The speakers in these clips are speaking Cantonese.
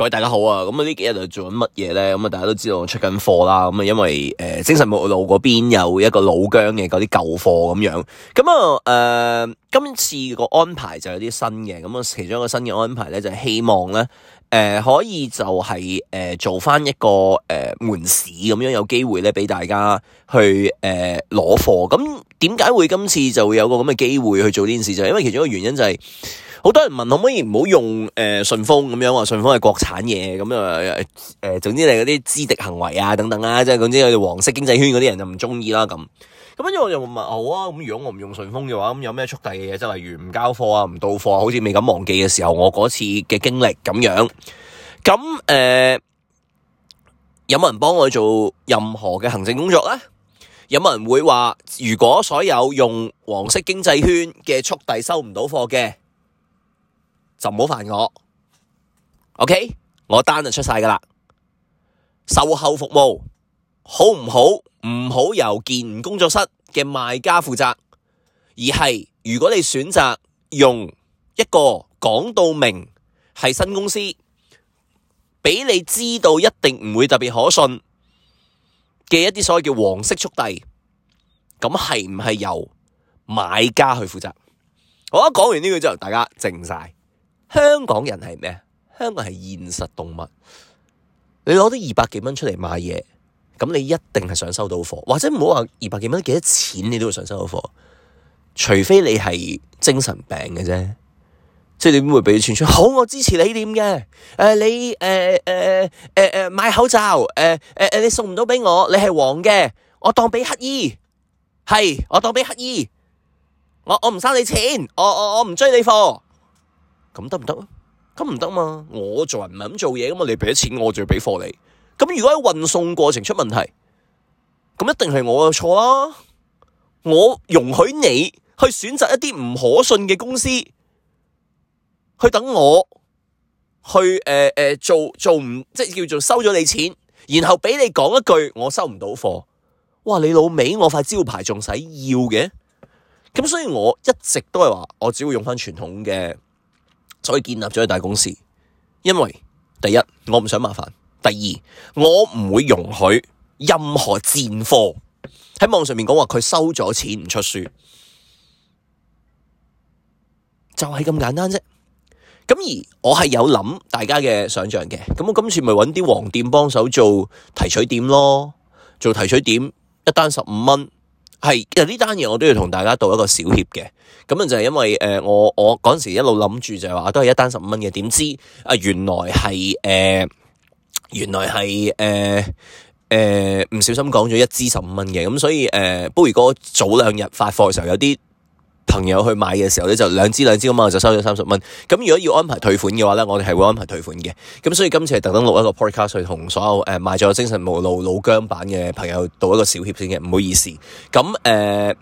各位大家好啊！咁啊呢幾日就做緊乜嘢咧？咁啊大家都知道我出緊貨啦。咁啊因為誒、呃、精神木路精神沐浴露嗰邊有一個老姜嘅嗰啲舊貨咁樣。咁啊誒今次個安排就有啲新嘅。咁啊其中一個新嘅安排咧就係、是、希望咧誒、呃、可以就係、是、誒、呃、做翻一個誒、呃、門市咁樣，有機會咧俾大家去誒攞、呃、貨。咁點解會今次就會有個咁嘅機會去做呢件事？就係因為其中一個原因就係、是。好多人問可唔可以唔好用？誒、順豐咁樣，話順豐係國產嘢，咁啊，誒、呃，總之你嗰啲資敵行為啊，等等啊，即係總之，佢哋黃色經濟圈嗰啲人就唔中意啦。咁咁，跟住我就問好啊。咁如果我唔用順豐嘅話，咁有咩速遞嘅嘢，即係例如唔交貨啊，唔到貨，好似未敢忘記嘅時候，我嗰次嘅經歷咁樣。咁誒、呃，有冇人幫我做任何嘅行政工作咧？有冇人會話如果所有用黃色經濟圈嘅速遞收唔到貨嘅？就唔好煩我，OK？我單就出晒噶啦。售後服務好唔好？唔好由健吾工作室嘅賣家負責，而係如果你選擇用一個講到明係新公司，畀你知道一定唔會特別可信嘅一啲所謂叫黃色速遞，咁係唔係由買家去負責？好啦，講完呢句之後，大家靜晒。香港人係咩啊？香港係現實動物，你攞啲二百幾蚊出嚟買嘢，咁你一定係想收到貨，或者唔好話二百幾蚊幾多，多錢，你都會想收到貨，除非你係精神病嘅啫，即係你點會畀錢出？好，我支持你點嘅誒，你誒誒誒誒買口罩誒誒誒，你送唔到畀我，你係黃嘅，我當畀乞衣，係我當畀乞衣，我我唔收你錢，我我我唔追你貨。咁得唔得啊？咁唔得嘛，我做人唔係咁做嘢㗎嘛。你畀咗錢，我就要畀貨你。咁如果喺運送過程出問題，咁一定係我嘅錯啦。我容許你去選擇一啲唔可信嘅公司去等我去誒誒、呃呃、做做唔即係叫做收咗你錢，然後畀你講一句我收唔到貨。哇！你老味，我塊招牌仲使要嘅。咁所以我一直都係話我只會用返傳統嘅。所以建立咗個大公司，因為第一我唔想麻煩，第二我唔會容許任何賤貨喺網上面講話。佢收咗錢唔出書，就係咁簡單啫。咁而我係有諗大家嘅想象嘅，咁我今次咪揾啲黃店幫手做提取點咯，做提取點一單十五蚊。係，就呢單嘢，我都要同大家道一個小歉嘅。咁啊，就係因為誒、呃，我我嗰陣時一路諗住就係話都係一單十五蚊嘅，點知啊、呃，原來係誒、呃，原來係誒誒，唔、呃呃、小心講咗一支十五蚊嘅。咁、嗯、所以誒、呃，波如果早兩日發貨嘅時候有啲。朋友去買嘅時候呢，就兩支兩支咁嘛，就收咗三十蚊。咁如果要安排退款嘅話呢，我哋係會安排退款嘅。咁所以今次係特登錄一個 podcast 去同所有誒買咗《呃、精神沐浴露》老薑版嘅朋友道一個小歉先嘅，唔好意思。咁誒。呃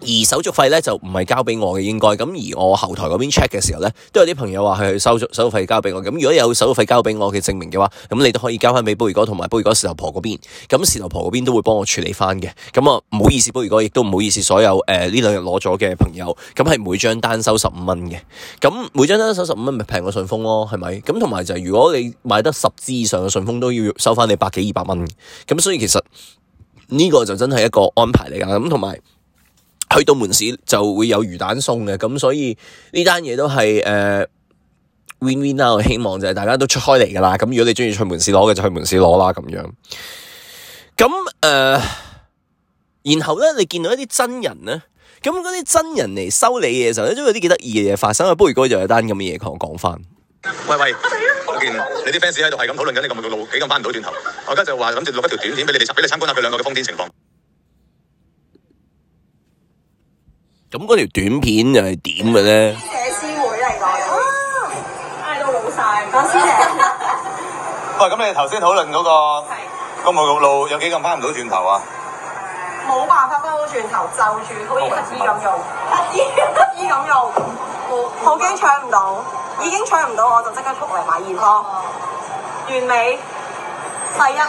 而手續費咧就唔係交畀我嘅，應該咁。而我後台嗰邊 check 嘅時候咧，都有啲朋友話係收手續費交畀我咁。如果有手續費交畀我嘅證明嘅話，咁你都可以交翻俾貝哥同埋貝哥事頭婆嗰邊。咁事頭婆嗰邊都會幫我處理翻嘅。咁啊唔好意思，貝哥亦都唔好意思，所有誒呢兩日攞咗嘅朋友，咁係每張單收十五蚊嘅。咁每張單收十五蚊，咪平過順豐咯，係咪咁？同埋就係如果你買得十支以上嘅順豐都要收翻你百幾二百蚊。咁所以其實呢個就真係一個安排嚟㗎咁，同埋。去到門市就會有魚蛋送嘅，咁所以呢單嘢都係誒、呃、win win 啦，希望就係大家都出開嚟噶啦。咁如果你中意去門市攞嘅，就去門市攞啦，咁樣。咁、嗯、誒、呃，然後咧你見到一啲真人咧，咁嗰啲真人嚟收你嘅時候咧，都有啲幾得意嘅嘢發生啊。不過如哥就有一單咁嘅嘢同我講翻。喂喂，我見你啲 fans 喺度係咁討論緊，你咁老老幾咁返唔到轉頭， 我而家就話諗住錄一條短片俾你哋，俾你參觀下佢兩個嘅風景情況。咁嗰條短片又係點嘅咧？寫詩會嚟講，嗌到老晒。講先啊！喂，咁你頭先討論嗰個，係沐浴露有幾咁翻唔到轉頭啊？冇辦法翻到轉頭，就住好似乞兒咁用，乞兒乞兒咁用，好驚搶唔到，已經搶唔到，我就即刻出嚟買二棵，完美，第一，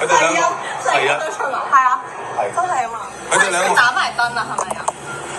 第一，第一都出嚟，係啊，係真係啊嘛，佢打埋燈啊，係咪啊？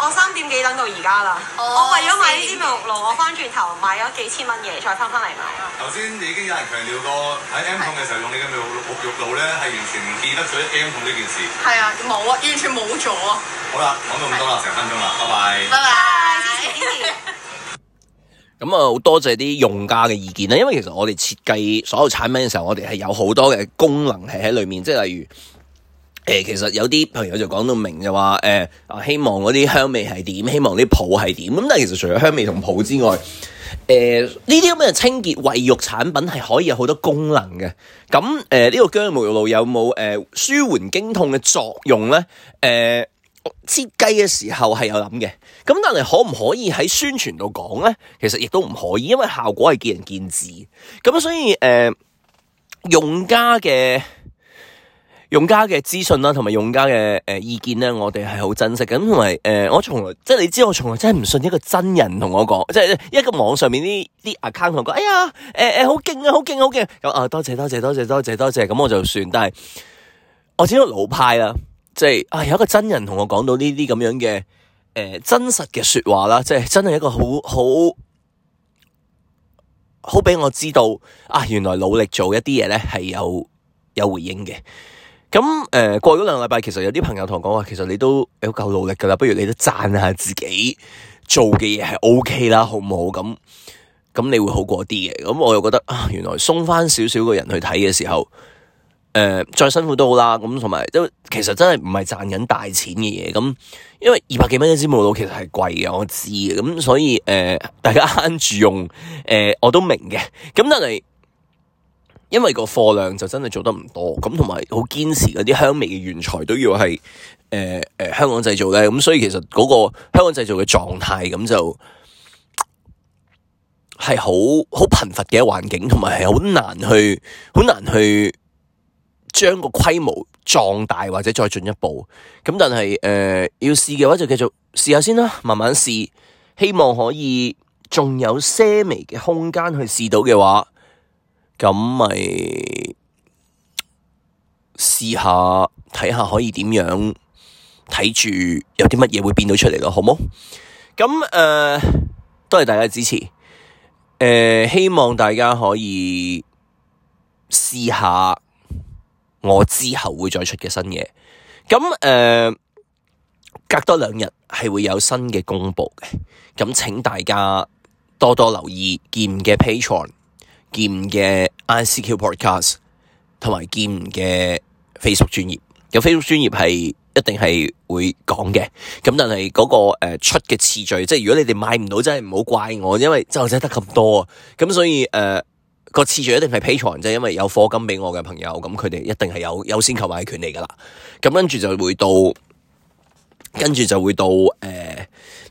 我三點幾等到而家啦！我為咗買呢啲沐浴露，我翻轉頭買咗幾千蚊嘢，再翻翻嚟買。頭先你已經有人強調過，喺 M 控嘅時候的用你嘅沐浴露咧，係完全唔記得咗 M 控呢件事。係啊，冇啊，完全冇咗啊！好啦，講到咁多啦，成的分鐘啦，拜拜。拜拜 bye。咁啊， 好多謝啲用家嘅意見啦，因為其實我哋設計所有產品嘅時候，我哋係有好多嘅功能係喺裏面，即係例如。誒，其實有啲朋友就講到明就話，誒，希望嗰啲香味係點，希望啲泡係點。咁但係其實除咗香味同泡之外，誒、呃，呢啲咁嘅清潔衛浴產品係可以有好多功能嘅。咁誒，呢、呃這個薑沐浴露有冇誒、呃、舒緩經痛嘅作用咧？誒、呃，設計嘅時候係有諗嘅。咁但係可唔可以喺宣傳度講咧？其實亦都唔可以，因為效果係見仁見智。咁所以誒、呃，用家嘅。用家嘅資訊啦，同埋用家嘅誒意見咧，我哋係好珍惜嘅。咁同埋誒，我從來即係你知，我從來真係唔信一個真人同我講，即係一個網上面啲啲 account 同我講，哎呀誒誒，好勁啊，好勁，好勁咁啊，多謝多謝多謝多謝多謝咁我就算。但係我知道老派啦，即係啊，有一個真人同我講到呢啲咁樣嘅誒真實嘅説話啦，即係真係一個好好好俾我知道啊，原來努力做一啲嘢咧係有有回應嘅。咁誒、嗯，過咗兩禮拜，其實有啲朋友同我講話，其實你都有夠努力噶啦，不如你都讚下自己做嘅嘢係 O K 啦，好唔好？咁、嗯、咁、嗯、你會好過啲嘅。咁、嗯、我又覺得啊，原來鬆翻少少個人去睇嘅時候，誒、嗯，再辛苦都好啦。咁同埋都其實真係唔係賺緊大錢嘅嘢。咁、嗯、因為二百幾蚊一支毛佬其實係貴嘅，我知嘅。咁、嗯、所以誒、呃，大家慳住用，誒、呃，我都明嘅。咁但係，因為個貨量就真係做得唔多，咁同埋好堅持嗰啲香味嘅原材料都要係誒誒香港製造咧，咁所以其實嗰個香港製造嘅狀態咁就係好好貧乏嘅環境，同埋係好難去好難去將個規模壯大或者再進一步。咁但係誒、呃、要試嘅話，就繼續試下先啦，慢慢試，希望可以仲有些微嘅空間去試到嘅話。咁咪試下睇下可以點樣睇住有啲乜嘢會變到出嚟咯，好冇？咁誒，呃、多謝大家嘅支持，誒、呃，希望大家可以試下我之後會再出嘅新嘢。咁誒、呃，隔多兩日係會有新嘅公布嘅，咁請大家多多留意健吾嘅 Patreon。劍嘅 I C Q Podcast 同埋劍嘅 Facebook 專頁，有 Facebook 專頁係一定係會講嘅，咁但係嗰、嗰個誒、呃、出嘅次序，即係如果你哋買唔到，真係唔好怪我，因為就只係得咁多啊。咁所以誒個、呃、次序一定係 Patreon，即係因為有課金畀我嘅朋友，咁佢哋一定係有優先購買權嚟噶啦。咁跟住就會到，跟住就會到誒呢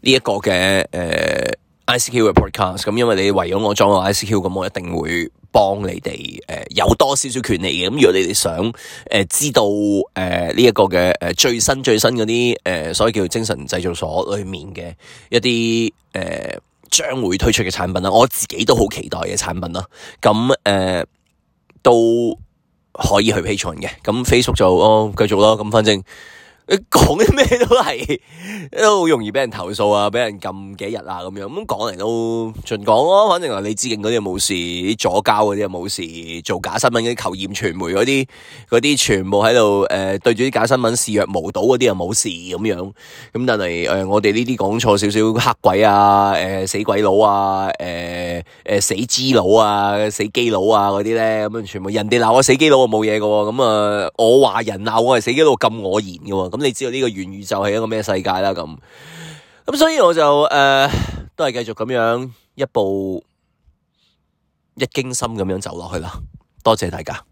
一個嘅誒。呃 I C Q 嘅 podcast，咁因為你為咗我裝個 I C Q，咁我一定會幫你哋誒、呃、有多少少權利嘅。咁如果你哋想誒、呃、知道誒呢一個嘅誒最新最新嗰啲誒，所謂叫精神製造所裏面嘅一啲誒、呃、將會推出嘅產品啦，我自己都好期待嘅產品啦。咁誒、呃、都可以去 Patreon 嘅，咁 Facebook 就、哦、繼續咯。咁反正。你講啲咩都係都好容易俾人投訴啊，俾人禁幾日啊咁樣。咁講嚟都盡講咯，反正話你知勁嗰啲冇事，左膠嗰啲又冇事，做假新聞嗰啲求驗傳媒嗰啲、嗰啲全部喺度誒，對住啲假新聞視若無睹嗰啲又冇事咁樣。咁但係誒、呃、我哋呢啲講錯少少黑鬼啊，誒、呃、死鬼佬啊，誒、呃、誒死支佬啊，死基佬啊嗰啲咧，咁樣全部人哋鬧我死基佬我冇嘢噶，咁啊、呃、我話人鬧我係死基佬咁我言噶，咁。你知道呢個元宇宙係一個咩世界啦？咁咁，所以我就誒、呃、都係繼續咁樣一步一驚心咁樣走落去啦。多謝大家。